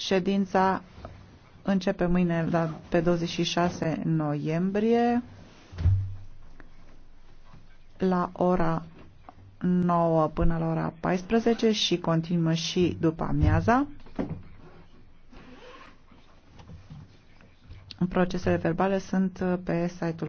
Ședința începe mâine la, pe 26 noiembrie la ora 9 până la ora 14 și continuă și după amiaza. Procesele verbale sunt pe site-ul